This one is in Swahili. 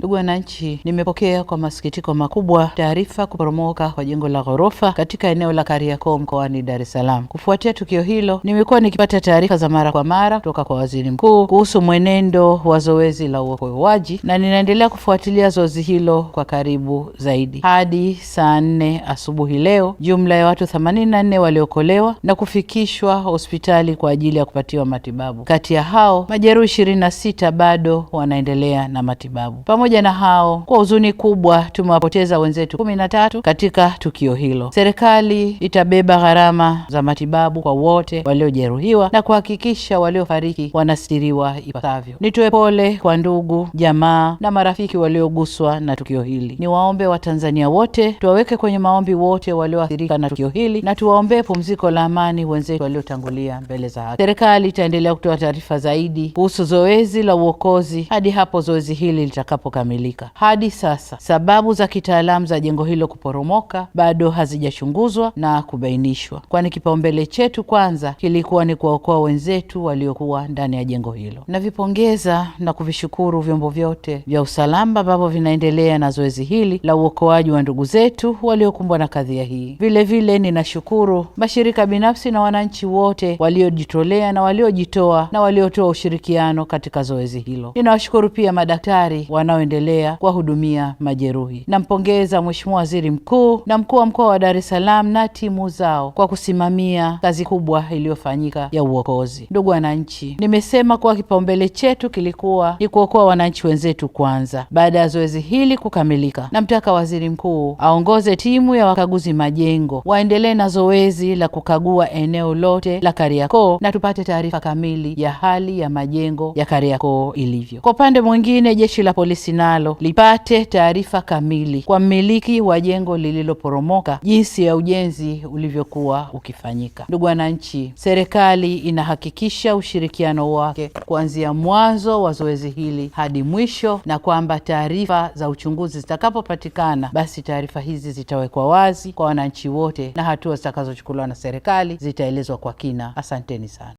Ndugu wananchi, nimepokea kwa masikitiko makubwa taarifa kuporomoka kwa jengo la ghorofa katika eneo la Kariakoo mkoani Dar es Salaam. Kufuatia tukio hilo, nimekuwa nikipata taarifa za mara kwa mara kutoka kwa waziri mkuu kuhusu mwenendo wa zoezi la uokoaji, na ninaendelea kufuatilia zoezi hilo kwa karibu zaidi. Hadi saa nne asubuhi leo, jumla ya watu 84 waliokolewa na kufikishwa hospitali kwa ajili ya kupatiwa matibabu. Kati ya hao, majeruhi 26 bado wanaendelea na matibabu pamoja pamoja na hao, kwa huzuni kubwa tumewapoteza wenzetu kumi na tatu katika tukio hilo. Serikali itabeba gharama za matibabu kwa wote waliojeruhiwa na kuhakikisha waliofariki wanastiriwa ipasavyo. Nitoe pole kwa ndugu, jamaa na marafiki walioguswa na tukio hili. Niwaombe Watanzania wote tuwaweke kwenye maombi wote walioathirika na tukio hili na tuwaombee pumziko la amani wenzetu waliotangulia mbele za haki. Serikali itaendelea kutoa taarifa zaidi kuhusu zoezi la uokozi hadi hapo zoezi hili litakapo kukamilika. Hadi sasa sababu za kitaalamu za jengo hilo kuporomoka bado hazijachunguzwa na kubainishwa, kwani kipaumbele chetu kwanza kilikuwa ni kuwaokoa wenzetu waliokuwa ndani ya jengo hilo. Navipongeza na kuvishukuru vyombo vyote vya usalama ambavyo vinaendelea na zoezi hili la uokoaji wa ndugu zetu waliokumbwa na kadhia hii. Vilevile ninashukuru mashirika binafsi na wananchi wote waliojitolea na waliojitoa na waliotoa ushirikiano katika zoezi hilo. Ninawashukuru pia madaktari wanao kuendelea kuwahudumia majeruhi. Nampongeza Mheshimiwa Waziri Mkuu na mkuu wa mkoa wa Dar es Salaam na timu zao kwa kusimamia kazi kubwa iliyofanyika ya uokozi. Ndugu wananchi, nimesema kuwa kipaumbele chetu kilikuwa ni kuokoa wananchi wenzetu kwanza. Baada ya zoezi hili kukamilika, namtaka Waziri Mkuu aongoze timu ya wakaguzi majengo waendelee na zoezi la kukagua eneo lote la Kariakoo na tupate taarifa kamili ya hali ya majengo ya Kariakoo ilivyo. Kwa upande mwingine, jeshi la polisi nalo lipate taarifa kamili kwa mmiliki wa jengo lililoporomoka jinsi ya ujenzi ulivyokuwa ukifanyika. Ndugu wananchi, serikali inahakikisha ushirikiano wake kuanzia mwanzo wa zoezi hili hadi mwisho, na kwamba taarifa za uchunguzi zitakapopatikana, basi taarifa hizi zitawekwa wazi kwa wananchi wote na hatua zitakazochukuliwa na serikali zitaelezwa kwa kina. Asanteni sana.